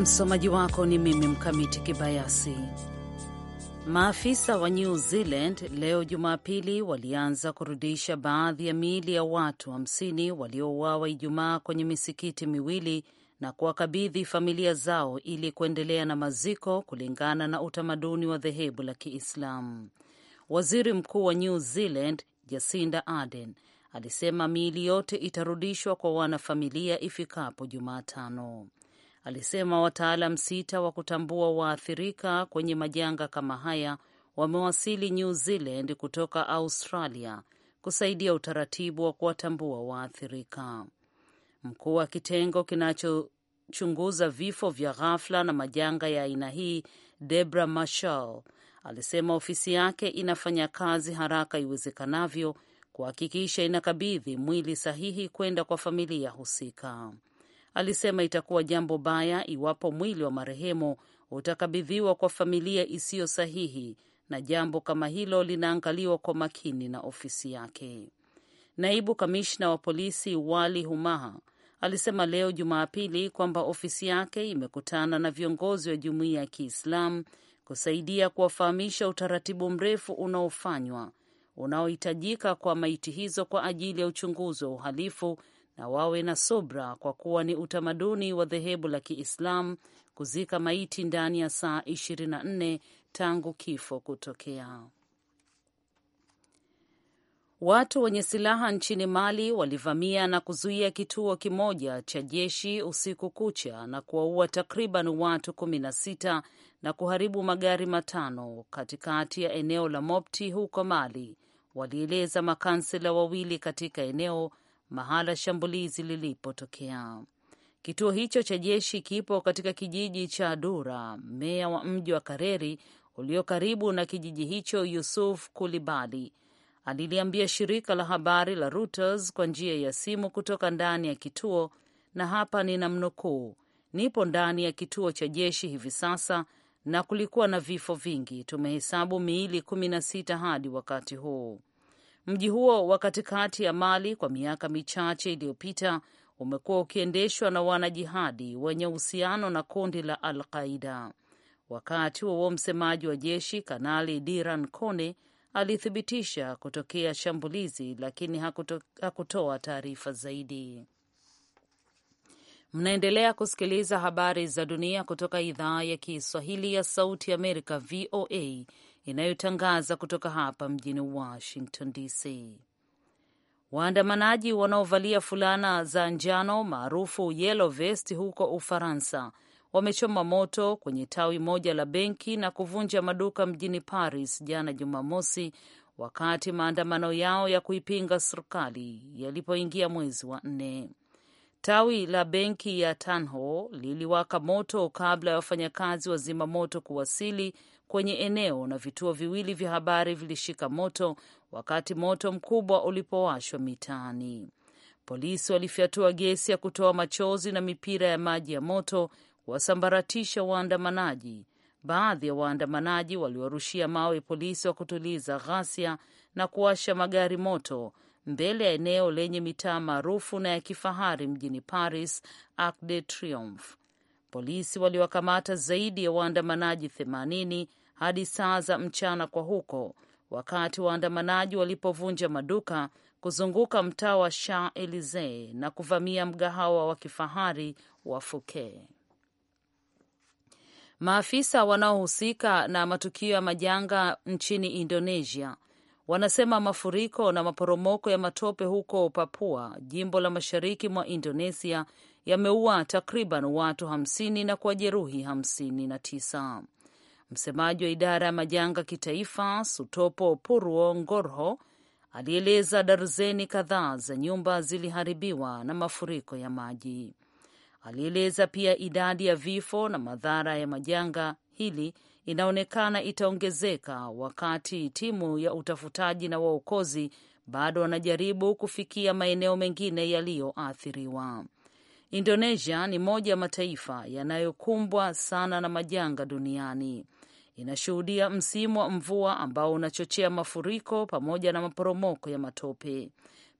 Msomaji wako ni mimi Mkamiti Kibayasi. Maafisa wa New Zealand leo Jumapili walianza kurudisha baadhi ya miili ya watu hamsini waliouawa Ijumaa kwenye misikiti miwili na kuwakabidhi familia zao ili kuendelea na maziko kulingana na utamaduni wa dhehebu la Kiislamu. Waziri Mkuu wa New Zealand Jacinda Ardern alisema miili yote itarudishwa kwa wanafamilia ifikapo Jumatano alisema wataalam sita wa kutambua waathirika kwenye majanga kama haya wamewasili New Zealand kutoka Australia kusaidia utaratibu wa kuwatambua waathirika. Mkuu wa kitengo kinachochunguza vifo vya ghafla na majanga ya aina hii, Debra Marshall, alisema ofisi yake inafanya kazi haraka iwezekanavyo kuhakikisha inakabidhi mwili sahihi kwenda kwa familia husika alisema itakuwa jambo baya iwapo mwili wa marehemu utakabidhiwa kwa familia isiyo sahihi, na jambo kama hilo linaangaliwa kwa makini na ofisi yake. Naibu kamishna wa polisi Wali Humaha alisema leo Jumapili kwamba ofisi yake imekutana na viongozi wa jumuiya ya Kiislamu kusaidia kuwafahamisha utaratibu mrefu unaofanywa unaohitajika kwa maiti hizo kwa ajili ya uchunguzi wa uhalifu na wawe na subra, kwa kuwa ni utamaduni wa dhehebu la Kiislamu kuzika maiti ndani ya saa 24 tangu kifo kutokea. Watu wenye silaha nchini Mali walivamia na kuzuia kituo kimoja cha jeshi usiku kucha na kuwaua takriban watu kumi na sita na kuharibu magari matano katikati ya eneo la Mopti huko Mali, walieleza makansela wawili katika eneo mahala shambulizi lilipotokea. Kituo hicho cha jeshi kipo katika kijiji cha Dura. Meya wa mji wa Kareri ulio karibu na kijiji hicho, Yusuf Kulibali, aliliambia shirika la habari la Reuters kwa njia ya simu kutoka ndani ya kituo, na hapa ninamnukuu: nipo ndani ya kituo cha jeshi hivi sasa na kulikuwa na vifo vingi. Tumehesabu miili kumi na sita hadi wakati huu. Mji huo wa katikati ya Mali kwa miaka michache iliyopita umekuwa ukiendeshwa na wanajihadi wenye uhusiano na kundi la Al Qaida. Wakati huo msemaji wa jeshi Kanali Diran Kone alithibitisha kutokea shambulizi lakini hakuto, hakutoa taarifa zaidi. Mnaendelea kusikiliza habari za dunia kutoka idhaa ya Kiswahili ya Sauti ya Amerika, VOA, inayotangaza kutoka hapa mjini Washington DC. Waandamanaji wanaovalia fulana za njano maarufu yellow vest huko Ufaransa wamechoma moto kwenye tawi moja la benki na kuvunja maduka mjini Paris jana Jumamosi, wakati maandamano yao ya kuipinga serikali yalipoingia mwezi wa nne. Tawi la benki ya Tanho liliwaka moto kabla ya wafanyakazi wa zima moto kuwasili kwenye eneo na vituo viwili vya habari vilishika moto wakati moto mkubwa ulipowashwa mitaani. Polisi walifyatua gesi ya kutoa machozi na mipira ya maji ya moto kuwasambaratisha waandamanaji. Baadhi ya waandamanaji waliwarushia mawe polisi wa kutuliza ghasia na kuwasha magari moto mbele ya eneo lenye mitaa maarufu na ya kifahari mjini Paris, Arc de Triomphe. Polisi waliwakamata zaidi ya waandamanaji 80 hadi saa za mchana kwa huko, wakati waandamanaji walipovunja maduka kuzunguka mtaa wa Champs Elysees na kuvamia mgahawa wa kifahari wa Fouquet. Maafisa wanaohusika na matukio ya majanga nchini Indonesia wanasema mafuriko na maporomoko ya matope huko Papua, jimbo la mashariki mwa Indonesia, yameua takriban watu hamsini na kuwajeruhi hamsini na tisa. Msemaji wa idara ya majanga kitaifa Sutopo Purwo Ngorho alieleza darzeni kadhaa za nyumba ziliharibiwa na mafuriko ya maji. Alieleza pia idadi ya vifo na madhara ya majanga hili inaonekana itaongezeka wakati timu ya utafutaji na waokozi bado wanajaribu kufikia maeneo mengine yaliyoathiriwa. Indonesia ni moja ya mataifa yanayokumbwa sana na majanga duniani. Inashuhudia msimu wa mvua ambao unachochea mafuriko pamoja na maporomoko ya matope.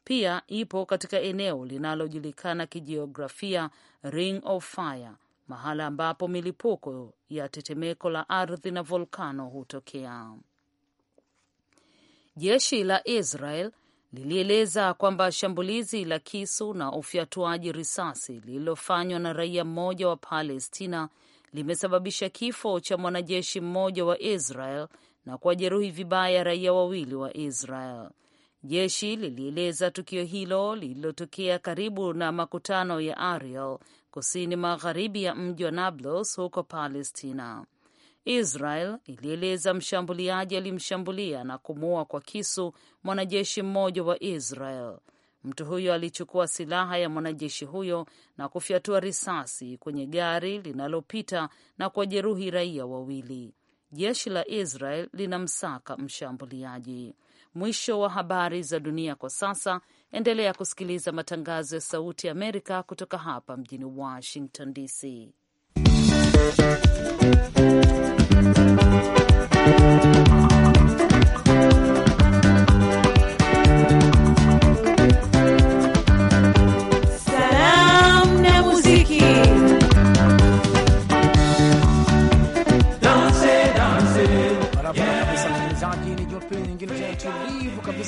Pia ipo katika eneo linalojulikana kijiografia Ring of Fire, mahala ambapo milipuko ya tetemeko la ardhi na volkano hutokea. Jeshi la Israel lilieleza kwamba shambulizi la kisu na ufyatuaji risasi lililofanywa na raia mmoja wa Palestina limesababisha kifo cha mwanajeshi mmoja wa Israel na kuwajeruhi vibaya raia wawili wa Israel. Jeshi lilieleza tukio hilo lililotokea karibu na makutano ya Ariel kusini magharibi ya mji wa Nablus huko Palestina. Israel ilieleza mshambuliaji alimshambulia na kumuua kwa kisu mwanajeshi mmoja wa Israel. Mtu huyo alichukua silaha ya mwanajeshi huyo na kufyatua risasi kwenye gari linalopita na kuwajeruhi raia wawili. Jeshi la Israel linamsaka mshambuliaji. Mwisho wa habari za dunia kwa sasa. Endelea kusikiliza matangazo ya Sauti ya Amerika kutoka hapa mjini Washington DC.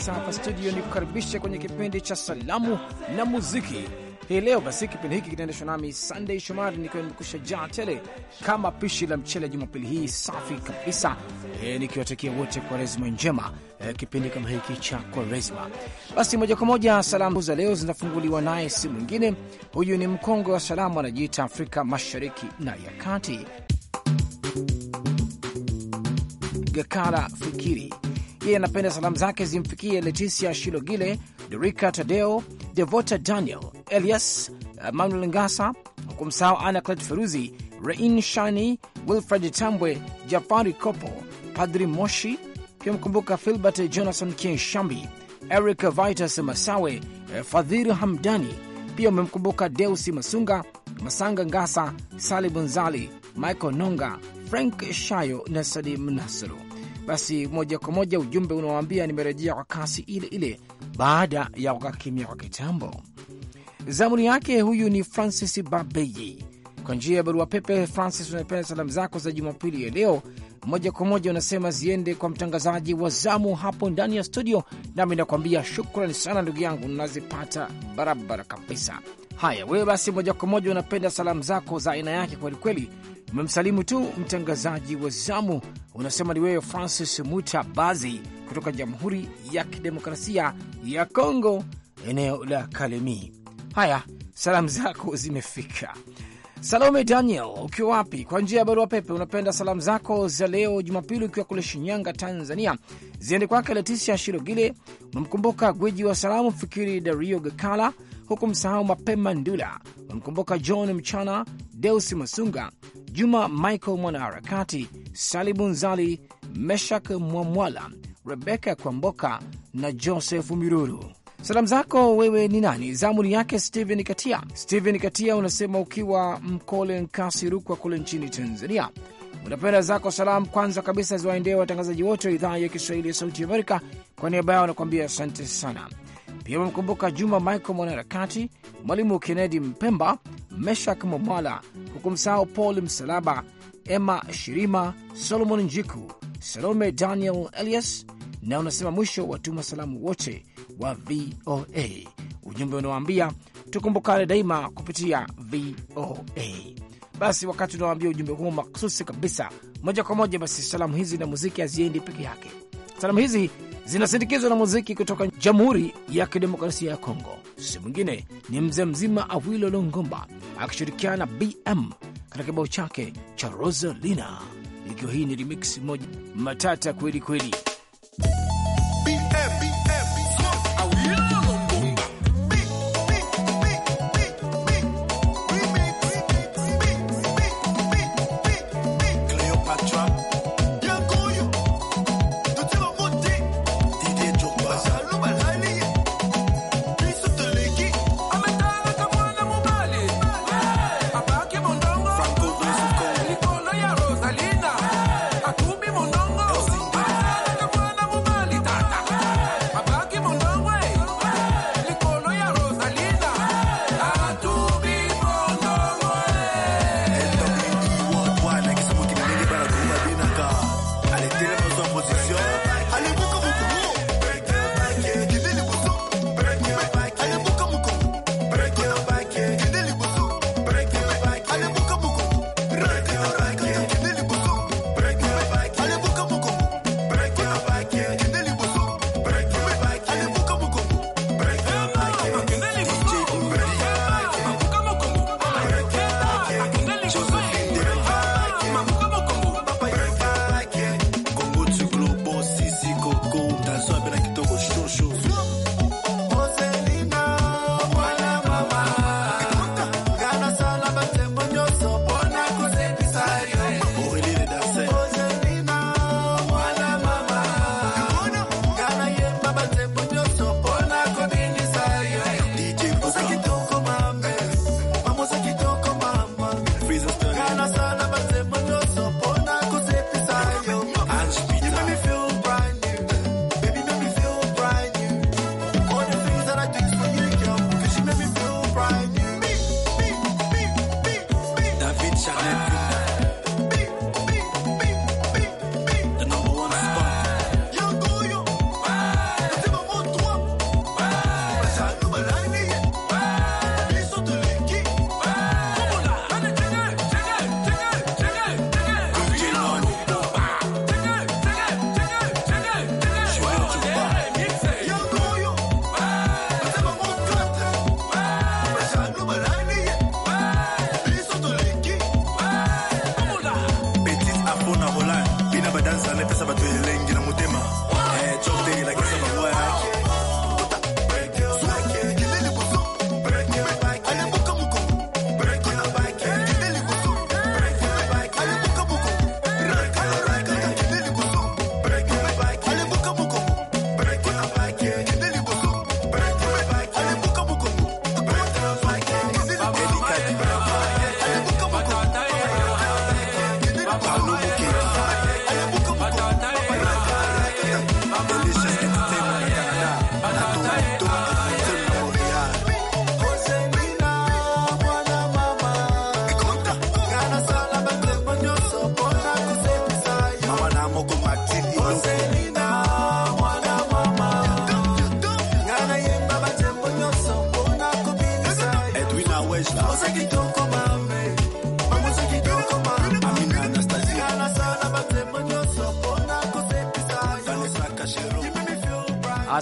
kabisa hapa studio ni kukaribisha kwenye kipindi cha salamu na muziki hii leo. Basi kipindi hiki kinaendeshwa nami Sunday Shomari nikiwa nimekusha jaa tele kama pishi la mchele Jumapili hii safi kabisa e, nikiwatakia wote rezima njema e, kipindi kama hiki cha rezima. Basi moja kwa moja salamu za leo zinafunguliwa naye si mwingine, huyu ni mkongwe wa salamu, anajiita Afrika Mashariki na ya Kati, Gakala Fikiri pia anapenda salamu zake zimfikie Leticia Shilogile, Dorika Tadeo, Devota Daniel, Elias Manuel Ngasa, hukumsahau Ana Clet Feruzi, Rein Shani, Wilfred Tambwe, Jafari Kopo, Padri Moshi. Pia mkumbuka Filbert Jonathan Kienshambi, Eric Vitas Masawe, fadhir Hamdani. Pia umemkumbuka Deusi Masunga, Masanga Ngasa, Sali Bunzali, Michael Nonga, Frank Shayo na Salim Nasoro. Basi moja kwa moja ujumbe unawaambia nimerejea kwa kasi ile ile baada ya ukakimia kwa kitambo. Zamuni yake huyu ni Francis Babeyi kwa njia ya barua pepe. Francis, unapenda salamu zako za Jumapili ya leo moja kwa moja unasema ziende kwa mtangazaji wa zamu hapo ndani ya studio, nami nakuambia shukran sana ndugu yangu, nazipata barabara kabisa. Haya, wewe basi, moja kwa moja unapenda salamu zako za aina yake kwelikweli, umemsalimu tu mtangazaji wa zamu, unasema ni wewe Francis muta bazi kutoka Jamhuri ya Kidemokrasia ya Kongo, eneo la Kalemi. Haya, salamu zako zimefika. Salome Daniel, ukiwa wapi? Kwa njia ya barua pepe unapenda salamu zako za leo Jumapili ukiwa kule Shinyanga, Tanzania, ziende kwake Letisia Shirogile, umemkumbuka gweji wa salamu Fikiri Dario Gakala, huku msahau mapema Ndula, wamkumbuka John Mchana, Deusi Masunga, Juma Michael mwanaharakati, Salibunzali, Meshak Mwamwala, Rebeka Kwamboka na Josefu Miruru. Salamu zako wewe ni nani? Zamuni yake Steven Katia. stehen Katia unasema ukiwa Mkole Nkasi, Rukwa kule nchini Tanzania, unapenda zako salamu kwanza kabisa ziwaendee watangazaji wote wa idhaa ya Kiswahili ya Sauti Amerika. Kwa niaba yao anakuambia asante sana. Pia wamemkumbuka Juma Michael mwanaharakati, Mwalimu Kennedi Mpemba, Meshak Momwala, huku msahau Paul Msalaba, Emma Shirima, Solomon Njiku, Salome Daniel Elias, na unasema mwisho watuma salamu wote wa VOA. Ujumbe unawaambia tukumbukane daima kupitia VOA. Basi wakati unawaambia ujumbe huo makhususi kabisa, moja kwa moja, basi salamu hizi na muziki haziendi peke yake. Salamu hizi zinasindikizwa na muziki kutoka Jamhuri ya Kidemokrasia ya Kongo. Si mwingine ni mzee mzima Awilo Longomba akishirikiana na BM katika kibao chake cha Rosalina, ikiwa hii ni remix moja matata kweli kweli.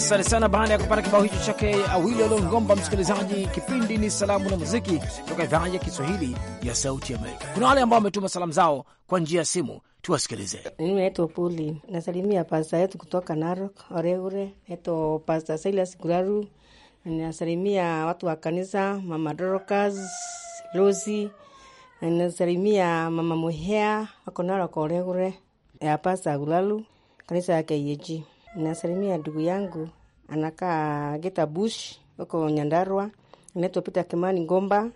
Asante sana. Baada ya kupata kibao hicho chake Awilo Longomba, msikilizaji, kipindi ni salamu na muziki kutoka idhaa ya Kiswahili ya Sauti ya Amerika. Kuna wale ambao wametuma salamu zao kwa njia ya simu, tuwasikilize. Mimi naitwa Puli, nasalimia pasta yetu kutoka Narok Oreure, naitwa Pasta Silas Guraru, nasalimia watu wa kanisa, Mama Dorokas Rosi, nasalimia Mama Muhea wako Narok Oreure ya Pasta Gulalu, kanisa ya KEG. Nasalimia ndugu yangu anakaa Geta Bush huko Nyandarua, anaitwa Pita Kimani Ngomba.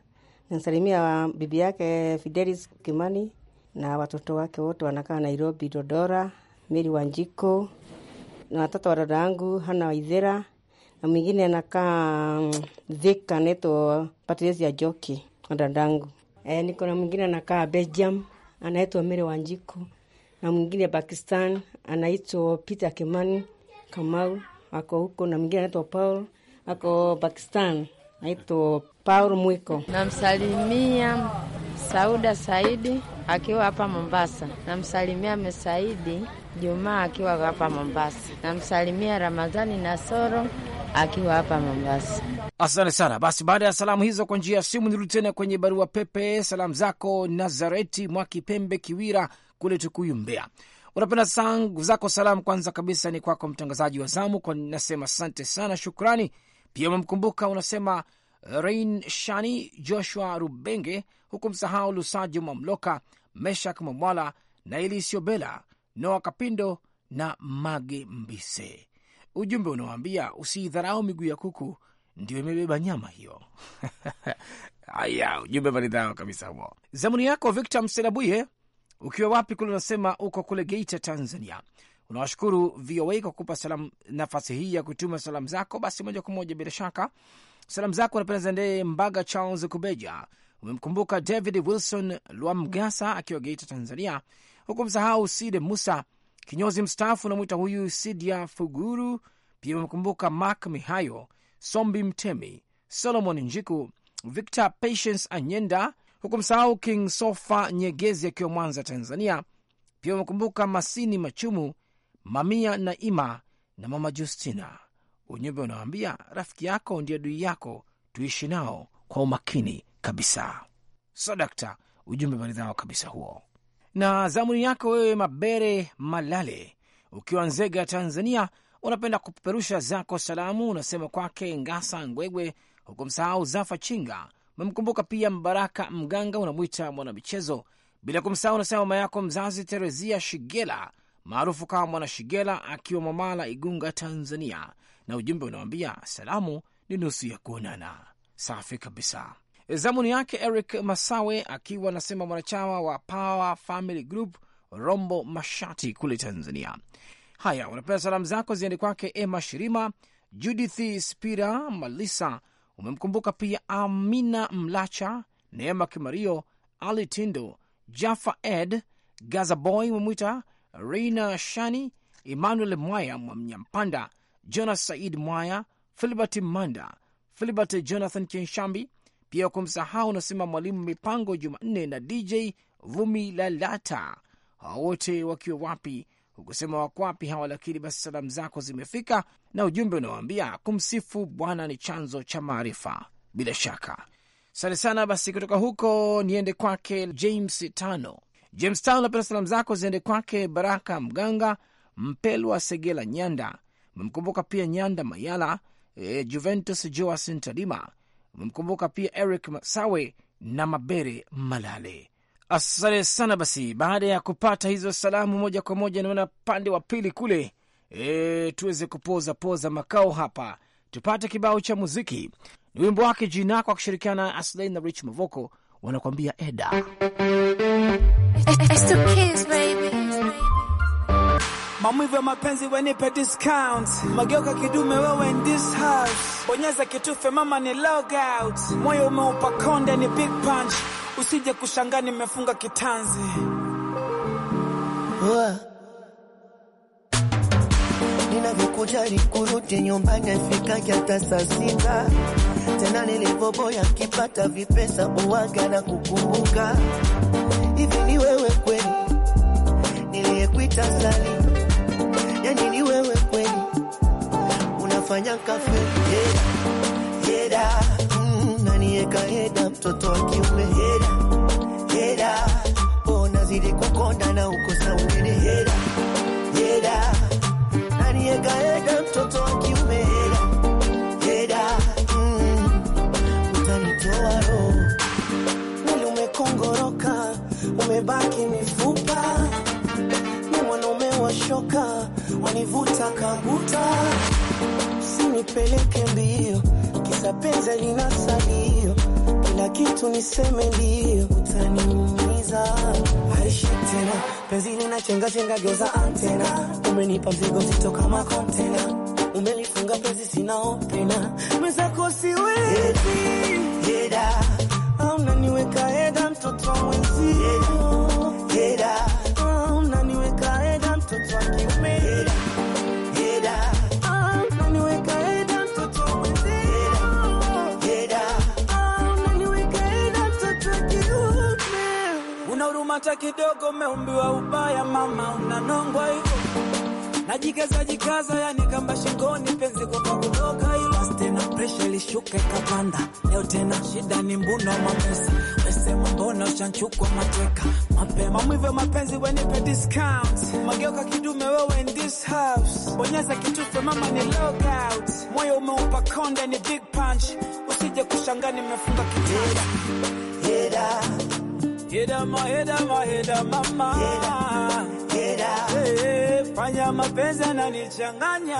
Nasalimia bibi yake Fidelis Kimani na watoto wake wote wanakaa Nairobi, Dodora, Meri Wanjiko na watoto wa dada yangu Hana Waithera na mwingine anakaa Thika mm, anaitwa Patricia ya Joki na dadangu e, eh, niko na mwingine anakaa Belgium anaitwa Meri Wanjiko na mwingine Pakistan anaitwa Peter Kimani Kamau ako huko, na mwingine anaitwa Paul ako Pakistan naitwa Paul Mwiko. Namsalimia Sauda Saidi akiwa hapa Mombasa, namsalimia Mesaidi Jumaa akiwa hapa Mombasa, namsalimia Ramadhani Nasoro akiwa hapa Mombasa. Asante sana. Basi baada ya salamu hizo kwa njia ya simu, nirudi tena kwenye barua pepe. Salamu zako Nazareti Mwakipembe Kiwira kule Tukuyu, Mbeya. Unapenda sangu zako salamu. Kwanza kabisa ni kwako mtangazaji wa zamu, kwa nasema asante sana, shukrani. Pia umemkumbuka unasema uh, Rein Shani, Joshua Rubenge, huku msahau Lusajo Mamloka, Meshak Mamwala na Elisio Bela, Noa Kapindo na Mage Mbise. Ujumbe unawaambia usiidharau miguu ya kuku, ndio imebeba nyama hiyo. Aya, ujumbe maridhao kabisa huo. Zamuni yako Victor Mselabuye ukiwa wapi kule, unasema uko kule Geita, Tanzania. Unawashukuru VOA kwa kupa salam, nafasi hii ya kutuma salamu zako. Basi moja kwa moja, bila shaka salamu zako napenda zaendee Mbaga Charles Kubeja, umemkumbuka David Wilson Lwamgasa akiwa Geita, Tanzania, huku msahau Side Musa kinyozi mstaafu, unamwita huyu Sidia Fuguru. Pia umemkumbuka Mak Mihayo, Sombi Mtemi, Solomon Njiku, Victor Patience Anyenda huku msahau King Sofa Nyegezi akiwa Mwanza, Tanzania. Pia wamekumbuka Masini Machumu, Mamia Naima na Mama Justina. Unyumbe unawaambia rafiki yako ndiyo adui yako, tuishi nao kwa umakini kabisa. So dakta, ujumbe maridhao kabisa huo. Na zamuni yako wewe, Mabere Malale, ukiwa Nzega, Tanzania, unapenda kupeperusha zako salamu. Unasema kwake Ngasa Ngwegwe, huku msahau Zafa Chinga umemkumbuka pia Mbaraka Mganga, unamwita mwanamichezo, bila kumsahau unasema mama yako mzazi Terezia Shigela maarufu kama Mwana Shigela akiwa Mamala, Igunga, Tanzania, na ujumbe unawambia salamu ni nusu ya kuonana. Safi kabisa. Zamuni yake Eric Masawe akiwa anasema mwanachama wa Power Family Group Rombo Mashati kule Tanzania. Haya, unapenda salamu zako ziende kwake Emma Shirima, Judith Spira Malisa Umemkumbuka pia Amina Mlacha, Neema Kimario, Ali Tindo, Jaffa Ed, Gazaboy Mwamwita, Reina Shani, Emmanuel Mwaya Mwamnyampanda, Jonas Said Mwaya, Filibert Manda, Filibert Jonathan Kenshambi, pia kumsahau unasema Mwalimu Mipango Jumanne na DJ Vumi Lalata, hawa wote wakiwa wapi hukusema wakwapi hawa, lakini basi salamu zako zimefika na ujumbe unawaambia kumsifu Bwana ni chanzo cha maarifa. Bila shaka, asante sana. Basi kutoka huko niende kwake James Tano. James Tano, napenda salamu zako ziende kwake Baraka Mganga, Mpelwa Segela Nyanda, umemkumbuka pia Nyanda Mayala, e, Juventus Joasin Tadima, umemkumbuka pia Eric Masawe na Mabere Malale Asante sana. Basi baada ya kupata hizo salamu, moja kwa moja naona pande wa pili kule, e, tuweze kupoza poza makao hapa, tupate kibao cha muziki. Ni wimbo wake Jina kwa kushirikiana na Aslay na Rich Mavoko wanakuambia Eda. Maumivu ya mapenzi wenipe discount, mageuka kidume wewe in this house, bonyeza kitufe mama ni logout, moyo umeupa konde ni big punch usije kushangaa nimefunga kitanzi ninavyokujali kurudi nyumbani afika hata saa sita tena nilivyoboya kipata vipesa uwaga na kukumbuka hivi ni wewe kweli niliyekuita sali yani ni wewe kweli unafanya kafe jeda jeda mm, nanieka heda mtoto akiwa Tafuta usinipeleke mbio, kisa penzi lina salio, kila kitu niseme ndio, utaniumiza aishi tena, penzi linachenga chenga, chenga geuza antena, umenipa mzigo mzito kama kontena, umelifunga penzi sina sinaopena, mwenzako siwezi, amnaniweka heda, mtoto mwenzi hata kidogo. Umeumbiwa ubaya mama, unanongwa hivyo. Najikaza jikaza, yani kamba shingoni, penzi kwa kutoka ila tena pressure ilishuka ikapanda. Leo tena shida ni mbuna mapesa, wesema mbona ushanchukwa mateka mapema mwivyo mapenzi, wenipe discount, mageuka kidume wewe in this house, bonyeza kitufe mama ni logout, moyo umeupa konde ni big punch, usije kushangani nimefunga kitanda Hedama, hedama, hedama mama. Fanya mapenzi ananichanganya.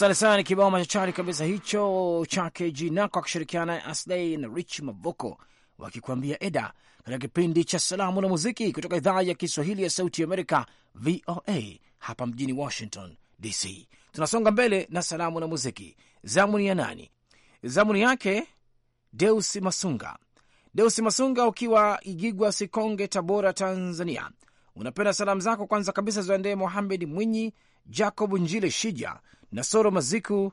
Asante sana, ni kibao machachari kabisa hicho cha chake Jinako akishirikiana na Aslay na Rich Mavoko wakikuambia Eda, katika kipindi cha Salamu na Muziki kutoka idhaa ya Kiswahili ya Sauti Amerika, VOA hapa mjini Washington DC. Tunasonga mbele na Salamu na Muziki. Zamu ni ya nani? Zamu ni yake Deus Masunga. Deus Masunga, ukiwa Igigwa, Sikonge, Tabora, Tanzania, unapenda salamu zako kwanza kabisa ziwaendee Mohamed Mwinyi, Jacob Njile Shija, Nasoro Maziku,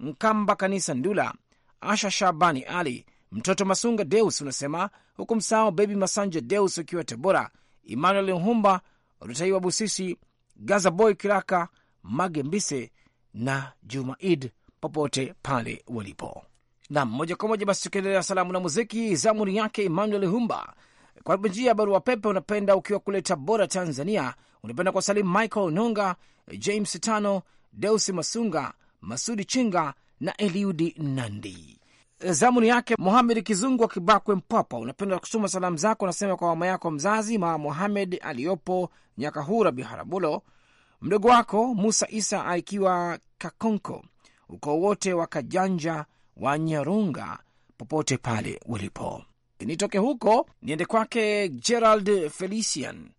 Mkamba Kanisa Ndula, Asha Shabani Ali, Mtoto Masunga Deus unasema huku msahau Bebi Masanja Deus ukiwa Tabora, Emmanuel Humba Rutaiwa Busisi, Gaza Boy Kiraka Magembise na Jumaid popote pale walipo. Nam moja kwa moja basi, tukiendelea salamu na muziki, zamuni yake Emmanuel Humba kwa njia ya barua pepe. Unapenda ukiwa kule Tabora, Tanzania, unapenda kwa salimu Michael Nonga, James Tano, deusi Masunga, Masudi Chinga na Eliudi Nandi. zamuni yake Mohamed Kizungu wa Kibakwe, Mpwapwa. Unapenda kutuma salamu zako, unasema kwa mama yako mzazi, mama Mohamed aliyopo Nyakahura Biharabulo, mdogo wako Musa Isa akiwa Kakonko, ukoo wote wa Kajanja wa Nyarunga, popote pale ulipo. Nitoke huko niende kwake Gerald Felician,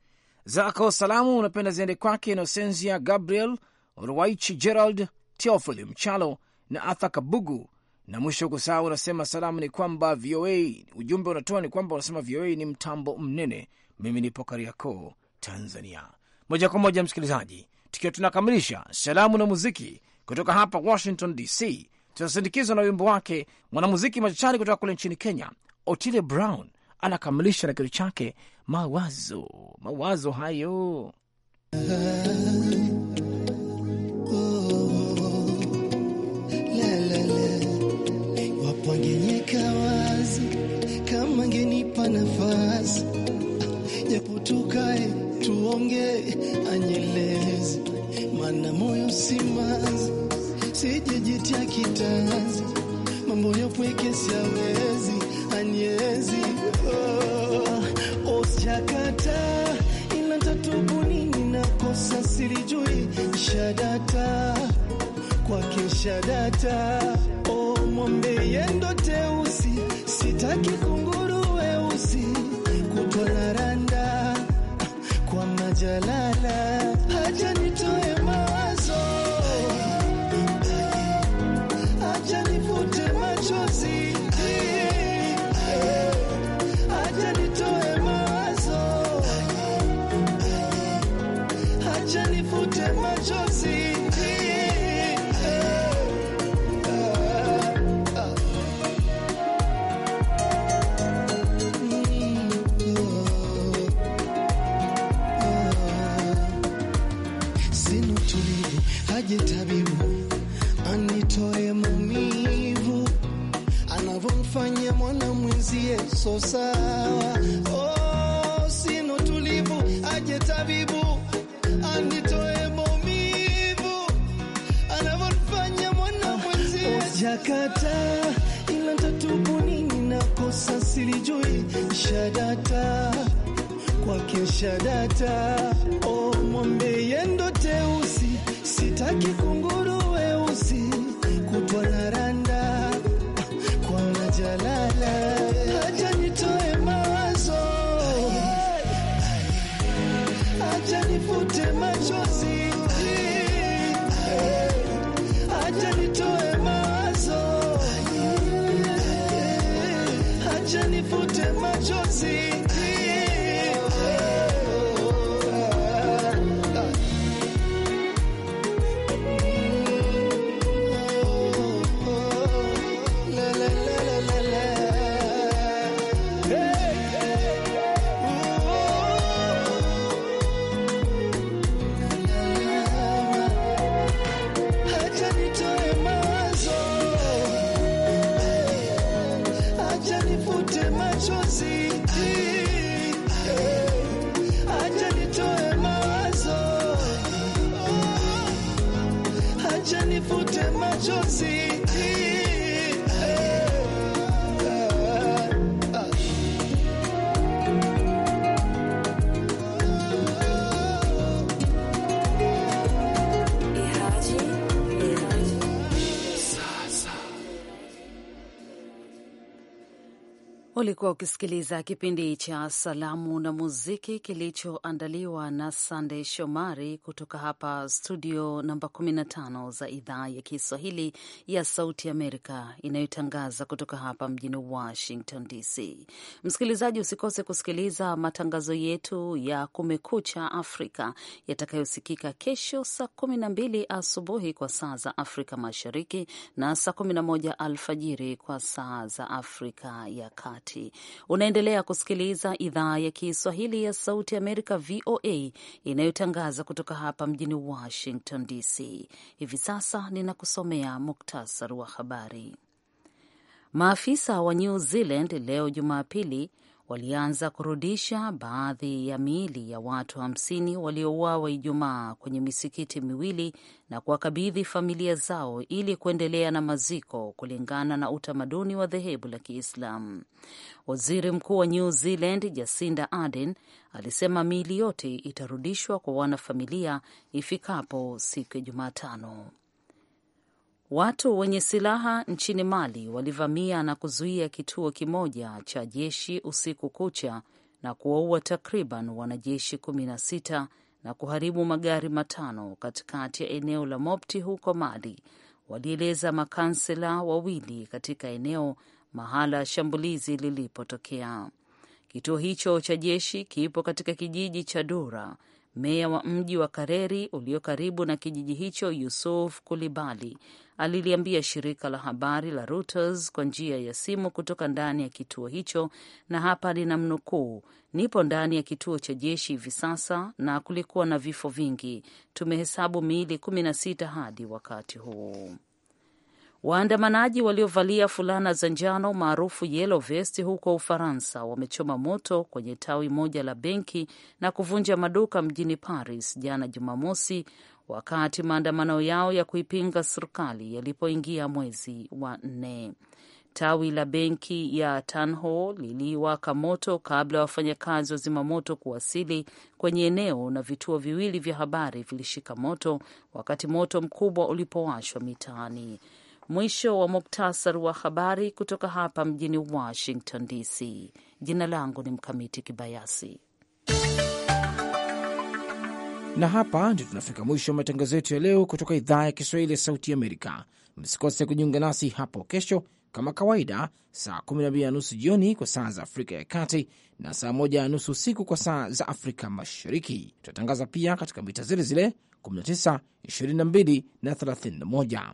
zako salamu unapenda ziende kwake Inosensia Gabriel Ruwaichi Gerald, Teofili Mchalo na Atha Kabugu. Na mwisho kusahau, unasema salamu ni kwamba VOA, ujumbe unatoa ni kwamba unasema VOA ni mtambo mnene. Mimi nipo Kariakoo, Tanzania. Moja kwa moja, msikilizaji, tukiwa tunakamilisha salamu na muziki kutoka hapa Washington DC, tunasindikizwa na wimbo wake mwanamuziki machachari kutoka kule nchini Kenya, Otile Brown anakamilisha na kitu chake mawazo. Mawazo hayo anyelezi, mana moyo simazi, sijijitia kitanzi, mambo ya siawezi anyezi, oh, osjakata ila tatubuni ninakosa silijui shadata kwake shadata Ulikuwa ukisikiliza kipindi cha Salamu na Muziki kilichoandaliwa na Sandey Shomari kutoka hapa studio namba 15 za idhaa ya Kiswahili ya Sauti Amerika inayotangaza kutoka hapa mjini Washington DC. Msikilizaji, usikose kusikiliza matangazo yetu ya Kumekucha Afrika yatakayosikika kesho saa 12 asubuhi kwa saa za Afrika Mashariki na saa 11 alfajiri kwa saa za Afrika ya Kati wakati. Unaendelea kusikiliza idhaa ya Kiswahili ya Sauti Amerika, VOA, inayotangaza kutoka hapa mjini Washington DC. Hivi sasa ninakusomea muktasari wa habari. Maafisa wa New Zealand leo Jumapili walianza kurudisha baadhi ya miili ya watu hamsini waliouawa Ijumaa kwenye misikiti miwili na kuwakabidhi familia zao ili kuendelea na maziko kulingana na utamaduni wa dhehebu la Kiislamu. Waziri Mkuu wa New Zealand Jacinda Ardern alisema miili yote itarudishwa kwa wanafamilia ifikapo siku ya Jumatano. Watu wenye silaha nchini Mali walivamia na kuzuia kituo kimoja cha jeshi usiku kucha na kuwaua takriban wanajeshi 16 na kuharibu magari matano katikati ya eneo la Mopti huko Mali, walieleza makansela wawili katika eneo mahala shambulizi lilipotokea. Kituo hicho cha jeshi kipo katika kijiji cha Dura Meya wa mji wa Kareri ulio karibu na kijiji hicho, Yusuf Kulibali, aliliambia shirika la habari la Reuters kwa njia ya simu kutoka ndani ya kituo hicho, na hapa ninamnukuu: nipo ndani ya kituo cha jeshi hivi sasa na kulikuwa na vifo vingi, tumehesabu miili kumi na sita hadi wakati huu. Waandamanaji waliovalia fulana za njano maarufu yellow vest huko Ufaransa wamechoma moto kwenye tawi moja la benki na kuvunja maduka mjini Paris jana Jumamosi, wakati maandamano yao ya kuipinga serikali yalipoingia mwezi wa nne. Tawi la benki ya Tanho liliwaka moto kabla ya wafanyakazi wa zimamoto kuwasili kwenye eneo, na vituo viwili vya habari vilishika moto wakati moto mkubwa ulipowashwa mitaani. Mwisho wa muktasar wa habari kutoka hapa mjini Washington DC. Jina langu ni Mkamiti Kibayasi, na hapa ndio tunafika mwisho wa matangazo yetu ya leo kutoka idhaa ya Kiswahili ya Sauti Amerika. Msikose kujiunga nasi hapo kesho kama kawaida saa 12 na nusu jioni kwa saa za Afrika ya Kati na saa 1 na nusu usiku kwa saa za Afrika Mashariki. Tutatangaza pia katika mita zile zile 19, 22 na 31.